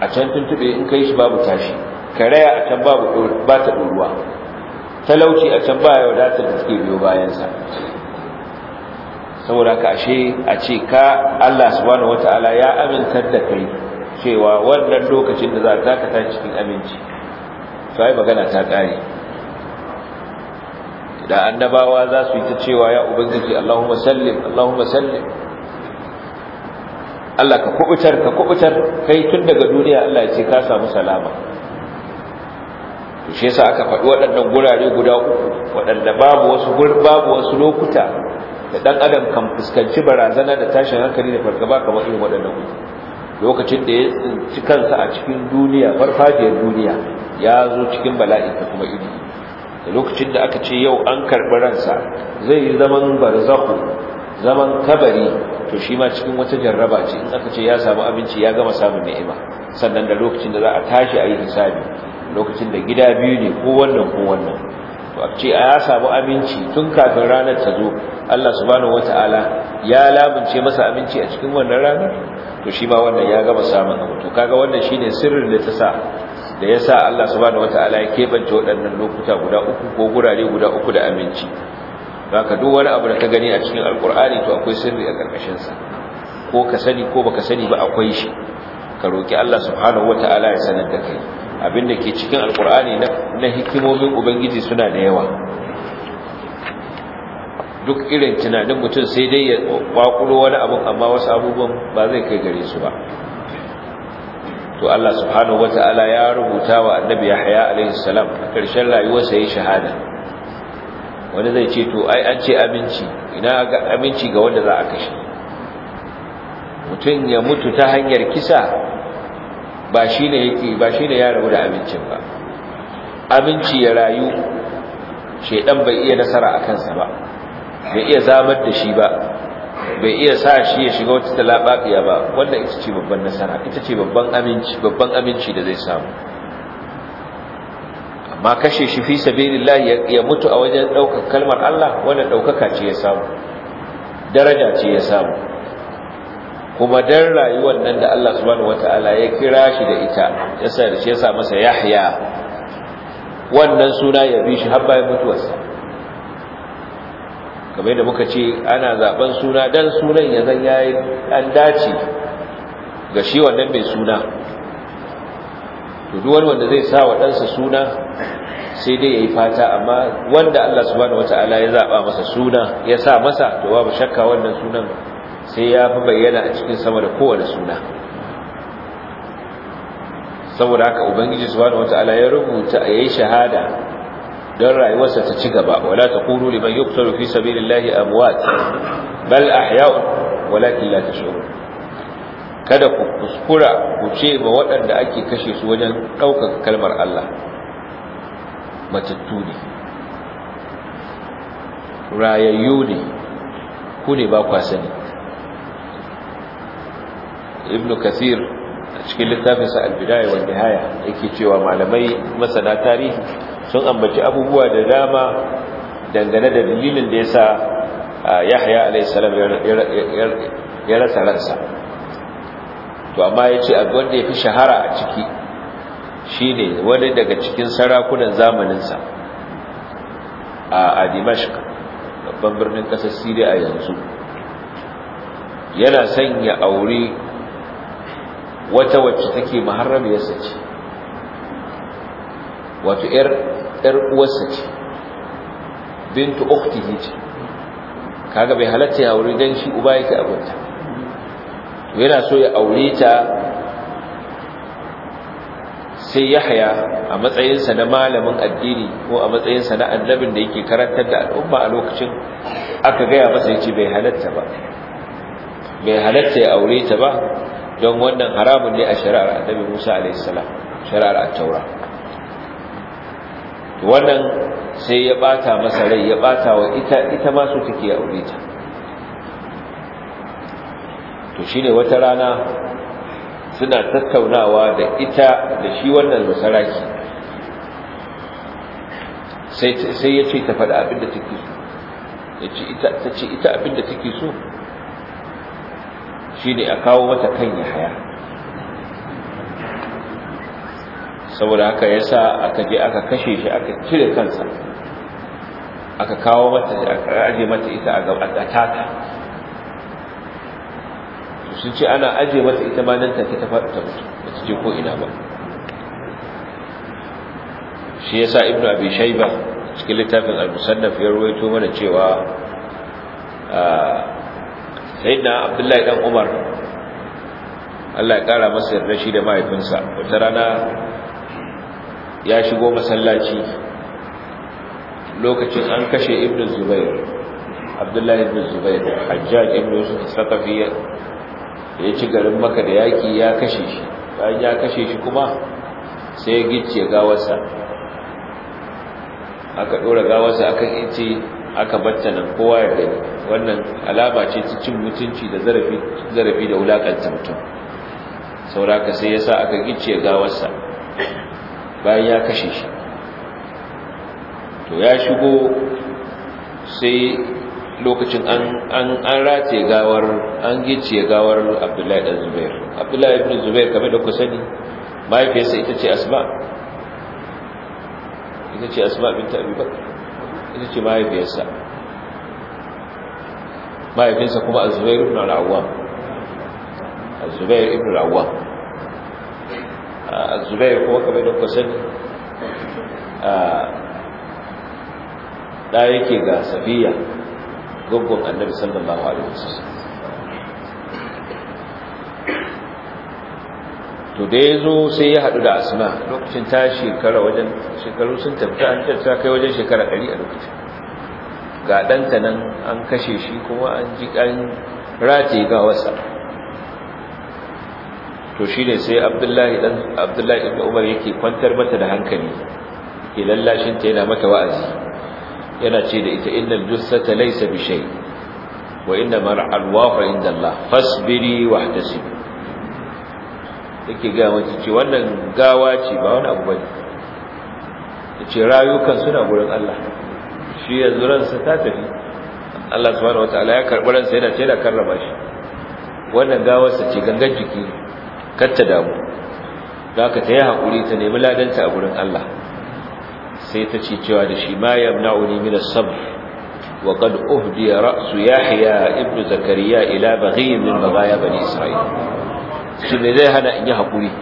a can tuntuɓe in ka yi shi babu tashi karaya a can babu ba ta ɗoruwa talauci a can baya wadatar da suke biyo bayansa saboda ka ashe a ce ka Allah subhanahu wataala ya amintar da kai cewa wannan lokacin da za ka dakata cikin aminci sai magana ta kare idan annabawa za su yi ta cewa ya ubangiji Allahumma sallim Allahumma sallim Allah ka kubutar ka kubutar kai tun daga duniya Allah ya ce ka samu salama shi yasa aka faɗi waɗannan gurare guda uku waɗanda babu wasu babu wasu lokuta da dan adam kan fuskanci barazana da tashin hankali da fargaba kamar irin waɗannan lokacin da ya tsinci kansa a cikin duniya farfajiyar duniya ya zo cikin bala'i da kuma iri da lokacin da aka ce yau an karɓi ransa zai yi zaman barzahu zaman kabari to shi ma cikin wata jarraba ce in aka ce ya samu abinci ya gama samun ni'ima sannan da lokacin da za a tashi a yi hisabi lokacin da gida biyu ne ko wannan ko wannan to a ce ya samu aminci tun kafin ranar ta zo Allah subhanahu wataala ya lamunce masa aminci a cikin wannan ranar to shi ma wannan ya gama samun abu to kaga wannan shine sirrin da ta sa da ya sa Allah subhanahu wataala ya kebance waɗannan lokuta guda uku ko gurare guda uku da aminci ka duk wani abu da ka gani a cikin alkur'ani to akwai sirri a ƙarƙashinsa? sa ko ka sani ko baka sani ba akwai shi ka roki Allah subhanahu wataala ya sanar da kai abinda ke cikin alkur'ani na hikimomin ubangiji suna da yawa duk irin tunanin mutum sai dai ya kwakuro wani abu amma wasu abubuwan ba zai kai gare su ba to Allah subhanahu wataala ya rubuta wa annabi Yahya alaihi salam a ƙarshen rayuwarsa yayin shahada wani zai ce to ai an ce aminci ina ga aminci ga wanda za a kashe mutum ya mutu ta hanyar kisa ba shine yake ba shine ya rabu da amincin ba aminci ya rayu shedan bai iya nasara a kansa ba bai iya zamar da shi ba bai iya sa shi ya shiga wata talabaƙiya ba wanda ita ce babban nasara ita ce babban aminci babban aminci da zai samu amma kashe shi fi sabilillah ya mutu a wajen ɗaukar kalmar Allah wannan ɗaukaka ce ya samu daraja ce ya samu kuma dan rayuwar nan da Allah subhanahu wataala ya kira shi da ita ya sa masa Yahya wannan suna ya bi shi har bayan mutuwarsa kamar da muka ce ana zaben suna dan sunan ya zan yayi an dace ga shi wannan mai suna to duk wani wanda zai sa wa ɗansa suna sai dai yayi fata amma wanda Allah subhanahu wataala ya zaba masa suna ya sa masa to babu shakka wannan sunan sai ya fi bayyana a cikin sama da kowane suna saboda haka ubangiji subhanahu wataala ya rubuta yi shahada don rayuwarsa ta ci gaba wala taqulu liman yuqtalu fi sabilillahi amwat bal ahya'u walakin la tash'urun kada ku kuskura ku ce ba waɗanda ake kashe su wajen ɗaukaka kalmar Allah matattu ne rayayyu ne ku ne ba kwa sani ibn kathir a cikin littafinsa al-bidaya nihaya yake cewa malamai masana tarihi sun ambaci abubuwa da dama dangane da dalilin da yasa Yahya alayhi salam ya rasa ransa to amma yace wanda ya fi shahara a ciki shine wani daga cikin sarakunan zamaninsa. a Dimashq babban birnin kasar Syria a yanzu yana son ya aure wata wacce take muharramiyarsa ce wato ‘yar yar uwarsa ce bintu ukhtihi ce kaga bai halatta ya aure dan shi uba yake abunta yana so ya aure ta sai Yahya a matsayinsa na malamin addini ko a matsayinsa na annabin da yake karantar da al'umma a lokacin aka gaya masa yace bai halatta ba bai halatta ya aure ta ba don wannan haramun ne a shari'ar annabi Musa alaihi salam shari'ar at taura. wannan sai ya bata masa rai ya bata wa ita ita ma su take aure ta to shine wata rana suna tattaunawa da ita da shi wannan basaraki sai sai ya ce ta faɗa abin da take so ya ita ta ce ita abin da take so shine a kawo mata kan ya haya saboda haka ya sa aka je aka kashe shi aka cire kansa aka kawo mata aka aje mata ita a gaba tata sun ce ana aje mata ita ma nan take ta faɗi ta mutu ba je ko ina ba shi yasa ibnu abi shayba cikin littafin al-musannaf ya rawaito mana cewa sayyidina abdullahi dan umar Allah ya kara masa yarda shi da mahaifinsa wata rana ya shigo masallaci lokacin an kashe ibn zubair abdullahi ibn zubair hajjaj ibn yusuf sakafi ya ci garin maka da yaki ya kashe shi bayan ya kashe shi kuma sai ya gicce gawarsa aka ɗora gawarsa akan ice aka batta nan kowa ya gani wannan alama ce ta cin mutunci da zarafi da wulakanta mutum sauraka sai ya sa aka gicce gawarsa bayan ya kashe shi to ya shigo sai lokacin an rataye gawar an gicciye gawar abdullahi ɗan zubair abdullahi ibn zubair kamar da ku sani mahaifiyarsa ita ce asma ita ce asma binta abubakar ita ce mahaifiyarsa mahaifinsa kuma azubair ibn al'awwam azubair ibn al'awwam zubair kuma kamar da kuka sani da yake ga sabiya gungun annabi sallallahu alaihi wasallam to da yazo sai ya hadu da asma lokacin ta shekara wajen shekaru sun tafi an ta kai wajen shekara 100 a lokacin ga ɗanta nan an kashe shi kuma an ji an rataye ga wasa to shine sai abdullahi dan abdullahi ibn umar yake kwantar mata da hankali yake lallashin ta yana mata wa'azi yana ce da ita innal jussata laysa bi shay wa inna ma alwahu inda Allah fasbiri wahtasib yake ga mata ce wannan gawa ce ba wani abu bane ce rayukan suna gurin Allah shi ya ransa ta tafi Allah subhanahu wataala ya karbi ransa yana ce da karrama shi wannan gawarsa ce gangan jiki kar ta damu zaka ka ta yi haƙuri ta nemi ladanta a gurin Allah sai ta ce cewa da shi ma yamna'uni min as-sabr وقد أهدي رأس يحيى ابن زكريا إلى بغي من بغايا بني إسرائيل شنو zai hana in yi hakuri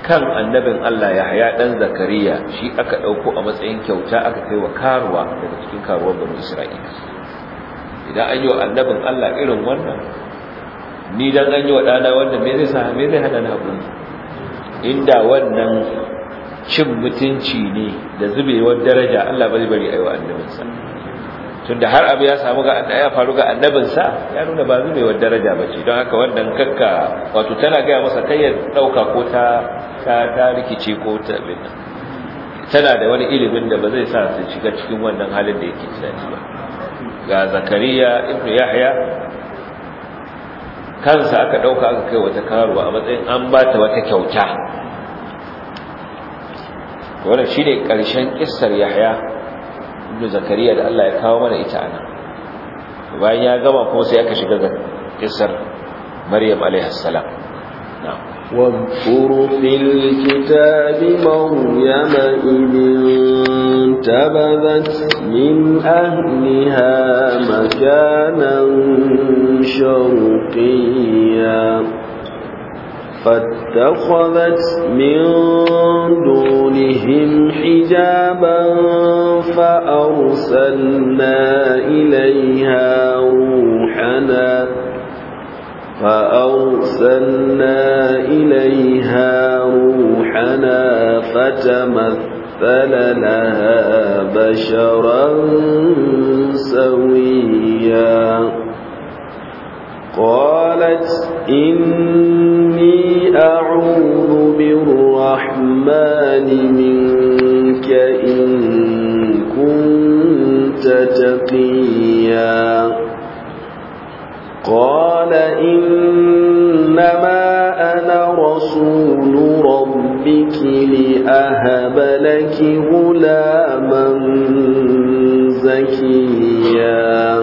kan annabin Allah Yahya dan Zakariya shi aka dauko a matsayin kyauta aka kai wa karuwa daga cikin karuwan bani Isra'il. idan an yi wa annabin Allah irin wannan ni dan an yi wa ɗana wanda me zai sa me zai hana na abu inda wannan cin mutunci ne da zubewar daraja Allah ba zai bari aiwa annabinsa tunda har abu ya samu ga ya faru ga annabinsa ya nuna ba zubewar daraja ba ce don haka wannan kakka wato tana gaya masa kayyar ya ɗauka ko ta ta rikice ko ta abin tana da wani ilimin da ba zai sa su shiga cikin wannan halin da yake tunani ba ga zakariya ibnu yahya kansa aka ɗauka aka kai wata karuwa a matsayin an ba ta wata kyauta wanda shi ne ƙarshen ƙistar yahya inda zakariya da allah ya kawo mana ita ana bayan ya gama kuma sai aka shiga ƙistar maryam alaihi salam واذكر في الكتاب مريم إذ انتبذت من أهلها مكانا شرقيا فاتخذت من دونهم حجابا فأرسلنا إليها روحنا فأرسلنا إليها روحنا فتمثل لها بشرا سويا قالت إني أعوذ بالرحمن منك إن كنت تقيا قال إنما أنا رسول ربك لأهب لك غلاما زكيا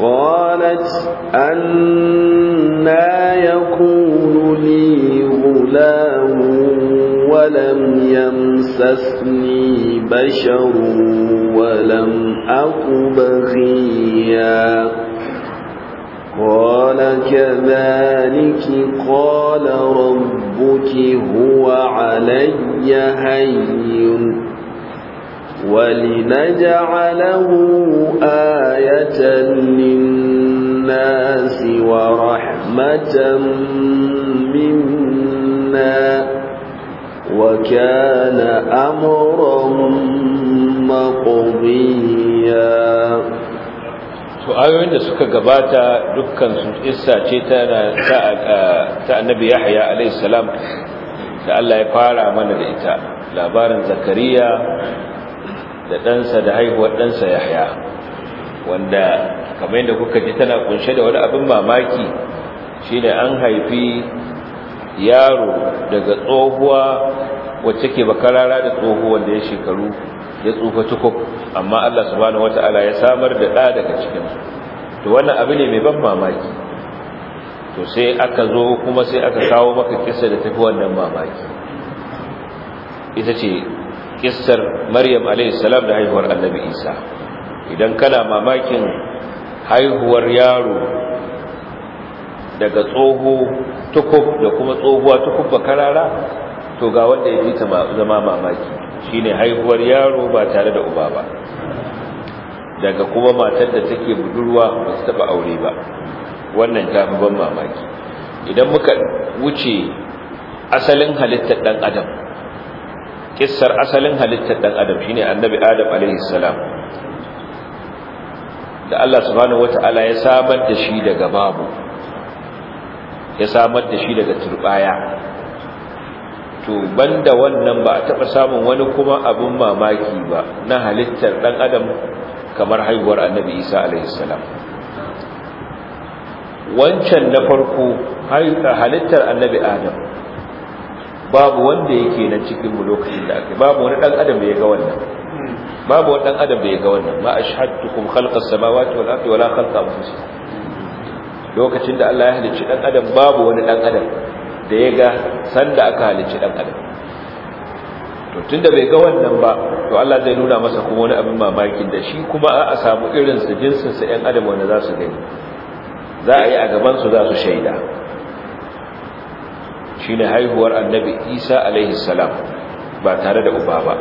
قالت أنا يكون لي غلام ولم يمسسني بشر ولم أك بغيا قال كذلك قال ربك هو علي هين ولنجعله آية للناس ورحمة منا وكان أمرا مقضيا to ayoyin da suka gabata dukkan su kissa ce ta annabi yahya alayhi salam da Allah ya fara mana da ita labarin zakariya da ɗansa da haihuwar ɗansa yahya wanda kamar yadda kuka ji tana kunshe da wani abin mamaki shine an haifi yaro daga tsohuwa wacce ke bakarara da tsohuwar da ya shekaru ya tsufa tukub amma Allah subhanahu wata'ala ya samar da ɗa daga cikin to wannan abu ne mai ban mamaki to sai aka zo kuma sai aka kawo maka kissa da tafi wannan mamaki ita ce kissar Maryam alaihi salam da haihuwar Annabi Isa idan kana mamakin haihuwar yaro daga tsoho tukub da kuma tsohuwa tukub bakarara to ga wanda ya fita zama mamaki shine haihuwar yaro ba tare da uba ba daga kuma matar da take budurwa ba su taba aure ba wannan ta fi ban mamaki idan muka wuce asalin halittar dan adam kissar asalin halittar dan adam shine annabi adam alaihi salam da Allah subhanahu wataala ya samar da shi daga babu ya samar da shi daga turbaya to banda wannan ba a taɓa samun wani kuma abin mamaki ba na halittar ɗan adam kamar haihuwar annabi isa alaihissalam wancan na farko halittar annabi adam babu wanda yake cikin cikinmu lokacin da aka babu wani ɗan adam da ya ga wannan babu wani ɗan adam da ya ga wannan ma a shahadtukum khalqas samawati wal ardi wala khalqa anfusikum lokacin da Allah ya halicci ɗan adam babu wani ɗan adam da ya ga sanda aka halicci dan adam to tunda bai ga wannan ba to Allah zai nuna masa kuma wani abin mamakin da shi kuma a samu irin su jinsin su ɗan adam wanda za su gani za a yi a gaban su za su shaida shine haihuwar annabi Isa alaihi salam ba tare da uba ba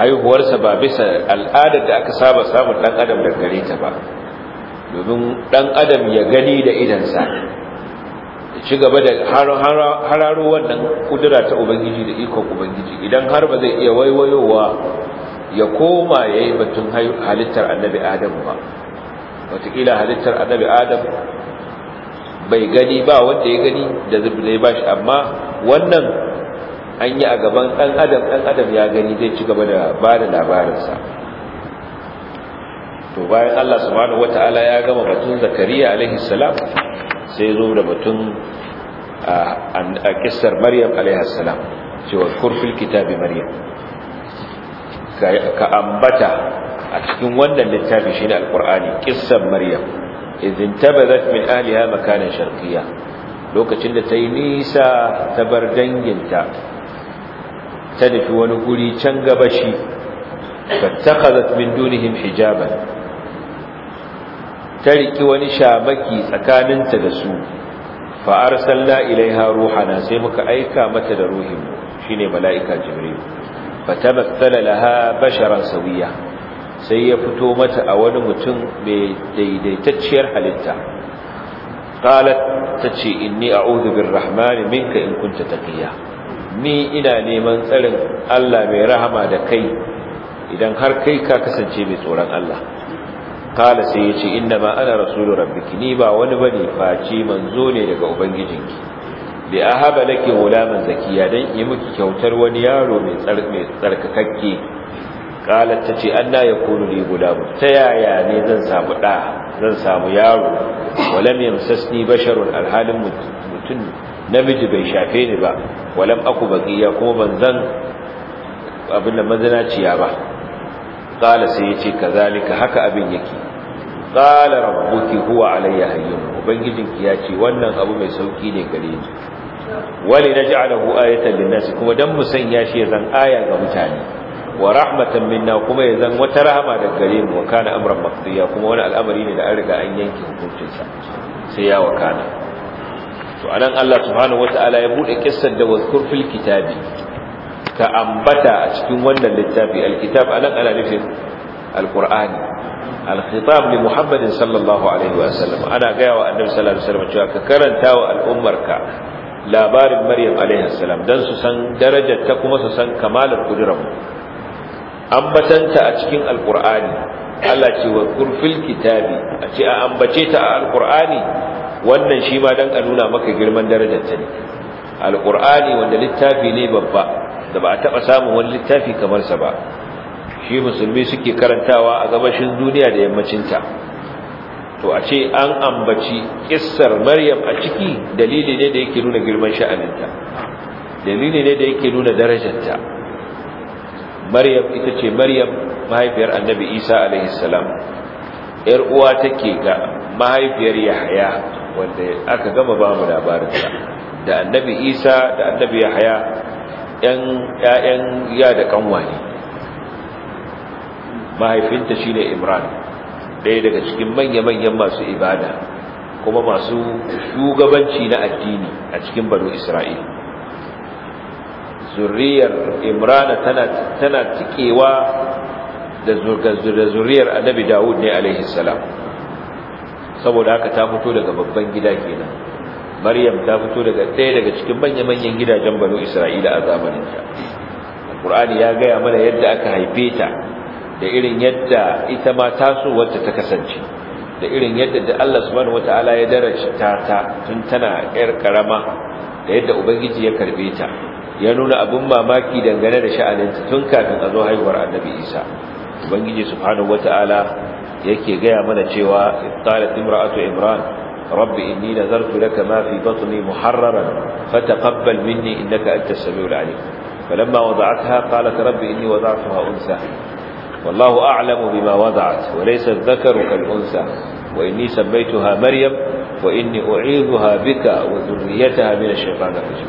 haihuwarsa ba bisa al'adar da aka saba samun ɗan adam da gare ta ba domin ɗan adam ya gani da idansa ci gaba da hararo wannan kudura ta ubangiji da ikon ubangiji idan har ba zai iya waiwayowa ya koma ya yi batun halittar annabi adam ba watakila halittar annabi adam bai gani ba wanda ya gani da zubinai ba shi amma wannan an yi a gaban ɗan adam ɗan adam ya gani zai ci gaba da ba da labarinsa to bayan allah subhanahu wata'ala ya gama batun zakariya alaihi salam sai zo da mutum a kissar maryam alaihi cewa kurfin kitabi maryam ka ambata a cikin wannan littafi shine alkur'ani kissar maryam idin tabadat min ahliha makanan sharkiya. lokacin da ta yi nisa ta bar danginta ta nufi wani guri can gabashi fattakhazat min dunihim hijaban ta riki wani shamaki tsakaninta da su Fa'ar arsalna ilaiha ruhana sai muka aika mata da ruhin shine malaika ta fatamassala laha basharan sawiya sai ya fito mata a wani mutum mai daidaitacciyar halitta qalat tace inni Udubin rahmani minka in kunta taqiya ni ina neman tsarin Allah mai rahama da kai idan har kai ka kasance mai tsoron Allah kala sai ya ce inna ma ana rasulun rabbiki ni ba wani bane face manzo ne daga ubangijinki bi ahaba laki gulaman zakiya dan yi miki kyautar wani yaro mai tsarkakakke kala ta ce an na ya kuru guda mu ta yaya ne zan samu ɗa zan samu yaro walam yamsasni basharun alhalin mutum namiji bai shafe ni ba walam aku baqiya kuma ban zan abin da mazinaciya ba qala sai yace kazalika haka abin yake qala rabbuki huwa alayya hayyin ubangijinki ya ce wannan abu mai sauki ne gare ni wali naj'alahu ayatan linnas kuma dan mu sanya shi zan aya ga mutane wa rahmatan minna kuma ya zan wata rahama daga gare mu wa kana amran maqdiya kuma wani al'amari ne da an riga an yanke hukuncinsa sai ya wakana to anan Allah subhanahu wataala ya buɗe kissar da wasu fil kitabi ka ambata a cikin wannan littafi alkitab anan ana nufin alqur'ani alkhitab li muhammadin sallallahu alaihi wa sallam ana gaya wa annabi sallallahu alaihi wa sallam cewa ka karantawa al'ummarka labarin maryam alaihi salam dan su san darajar ta kuma su san kamalar kudurar ambatanta a cikin alqur'ani Allah ce wa kurfil kitabi a ce a ambace ta a alkur'ani wannan shi ma dan a nuna maka girman darajar ta ne alkur'ani wanda littafi ne babba da ba a taɓa samun wani littafi kamar sa ba shi musulmi suke karantawa a gabashin duniya da yammacinta to a ce an ambaci kissar maryam a ciki dalili ne da yake nuna girman sha'aninta dalili ne da yake nuna darajarta maryam ita ce maryam mahaifiyar annabi isa alaihi salam yar uwa take ga mahaifiyar yahaya wanda aka gama ba mu labarinsa da annabi isa da annabi yahaya 'ya'yan ya da kanwa mahaifinta shi ne imran ɗaya daga cikin manya-manyan masu ibada kuma masu shugabanci na addini a cikin banu isra'il zurriyar imrana tana tikewa da zuriyar annabi dawud ne alaihi salam saboda haka ta fito daga babban gida kenan maryam ta fito daga ɗaya daga cikin manya-manyan gidajen banu isra'ila a zamanin Al-Ƙur'ani ya gaya mana yadda aka haife ta da irin yadda ita ma tasowarta ta kasance da irin yadda da Allah subhanahu wataala ya darajta ta tun tana yar karama da yadda ubangiji ya karbe ta ya nuna abun mamaki dangane da ta tun kafin a zo haihuwar annabi Isa ubangiji subhanahu wataala yake gaya mana cewa qalat imra'atu imran رب إني نذرت لك ما في بطني محررا فتقبل مني إنك أنت السميع العليم فلما وضعتها قالت رب إني وضعتها أنثى والله أعلم بما وضعت وليس الذكر كالأنثى وإني سميتها مريم وإني أعيذها بك وذريتها من الشيطان الرجيم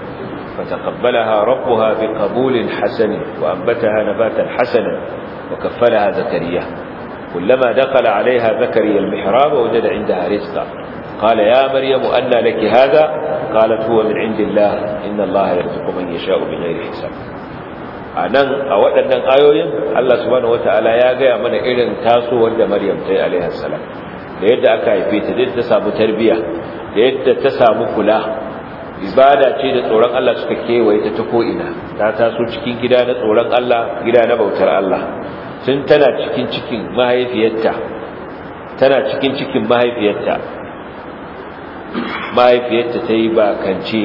فتقبلها ربها بقبول حسن وأنبتها نباتا حسنا وكفلها زكريا كلما دخل عليها زكريا المحراب وجد عندها رزقا qala ya maryamu anna laki hadha qalat huwa min indillah inna allaha yarzuqu man yasha'u bighairi حساب anan a waɗannan ayoyin Allah subhanahu wataala ya gaya mana irin taso da Maryam ta yi alaiha salam da yadda aka haife ta da ta samu tarbiya da yadda ta samu kula ibada ce da tsoron Allah suka kewaye ta ta ko'ina ta taso cikin gida na tsoron Allah gida na bautar Allah sun tana cikin cikin mahaifiyarta tana cikin cikin mahaifiyarta mahaifiyarta ta yi bakance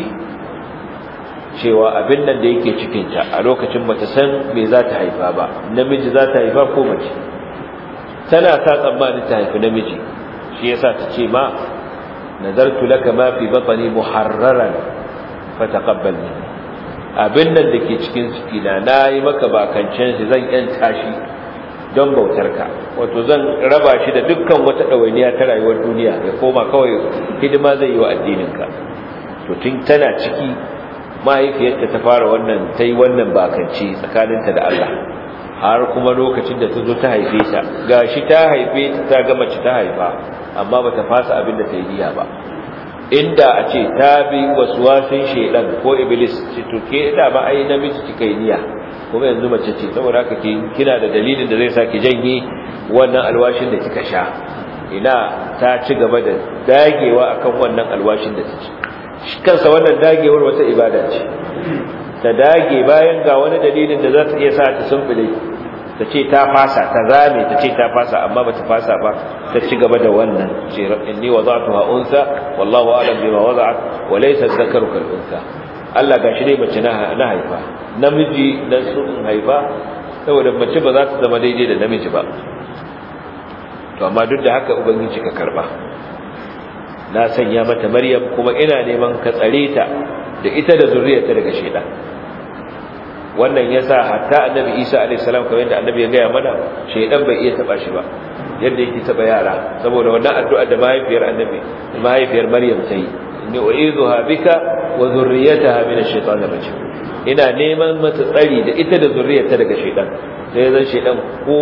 cewa abin nan da yake cikinta a lokacin bata san me za ta haifa ba namiji za ta haifa ko mace tana sa tsammanin ta haifi namiji shi yasa ta ce ma nazartu laka ma fi batni muharraran fataqabbal minni abin nan da ke cikin ciki na yi maka bakancen shi zan yanta shi don bautarka wato zan raba shi da dukkan wata ɗawainiya ta rayuwar duniya ya koma kawai hidima zai yi wa addininka to tun tana ciki mahaifiyarta ta fara wannan ta yi wannan bakanci tsakaninta da Allah har kuma lokacin da ta zo ta haife ta ga shi ta haife ta ta gama ci ta haifa amma ba ta fasa abin da ta yi ba inda a ce ta bi wasu wasan shaidan ko iblis ce to ke da ba ai namiji kika yi niyya kuma yanzu mace ce saboda haka kina da dalilin da zai sa ki janye wannan alwashin da kika sha ina ta ci gaba da dagewa akan wannan alwashin da take shi kansa wannan dagewar wata ibada ce ta dage bayan ga wani dalilin da za ta iya sa ta sunfile ta ce ta fasa ta zame ta ce ta fasa amma ba ta fasa ba ta ci gaba da wannan ce inni wada'tuha unsa wallahu a'lam bima wada'at wa laysa dhakaru kal unsa Allah ga shi ne mace na haifa namiji na sun haifa saboda mace ba za su zama daidai da namiji ba to amma duk da haka ubangiji ka karba na sanya mata maryam kuma ina neman ka tsare ta da ita da zuriyarta daga sheda wannan yasa hatta annabi Isa alayhi salam kamar yadda annabi ya gaya mana shaidan bai iya taba shi ba yadda yake taba yara saboda wannan addu'a da mahaifiyar annabi mahaifiyar Maryam ta yi ni uizuha bika wa zurriyataha min ash-shaytanir rajim ina neman mata tsari da ita da zurriyarta daga shaytan sai zan shaytan ko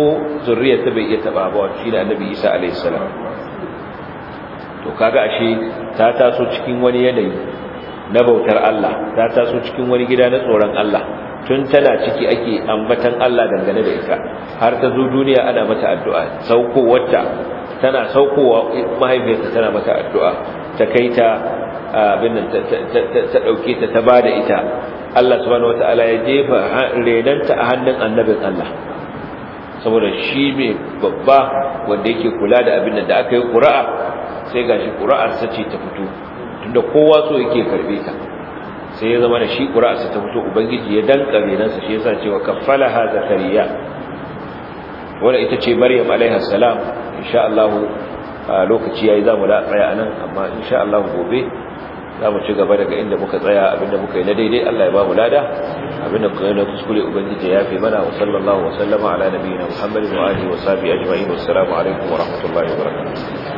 zurriyarta bai iya taba ba shi da annabi Isa alayhi salam to kaga ashe ta taso cikin wani yanayi na bautar Allah ta taso cikin wani gida na tsoron Allah tun tana ciki ake ambatan Allah dangane da ita har ta zo duniya ana mata addu'a saukowarta tana saukowa mahaifiyarta tana mata addu'a ta kai ta abin nan ta dauke ta ta bada ita Allah subhanahu wataala ya jefa renanta a hannun annabin Allah saboda shi ne babba wanda yake kula da abin da aka yi ƙura'a sai gashi ƙura'ar sa ce ta fito tunda kowa so yake karbe ta sai ya zama da shi ƙura'ar sa ta fito ubangiji ya danka renansa shi yasa cewa kaffalaha zakariya wanda ita ce maryam alaiha salam insha Allah lokaci yayi zamu da tsaya anan amma insha Allah gobe za mu ci gaba daga inda muka tsaya abinda muka yi na daidai Allah ya ba mu lada abinda da yi na kuskure ubangiji ya fi mana wa sallallahu wa sallama ala nabiyina Muhammadin wa alihi wa sahbihi ajma'in wa assalamu alaikum wa rahmatullahi wa barakatuh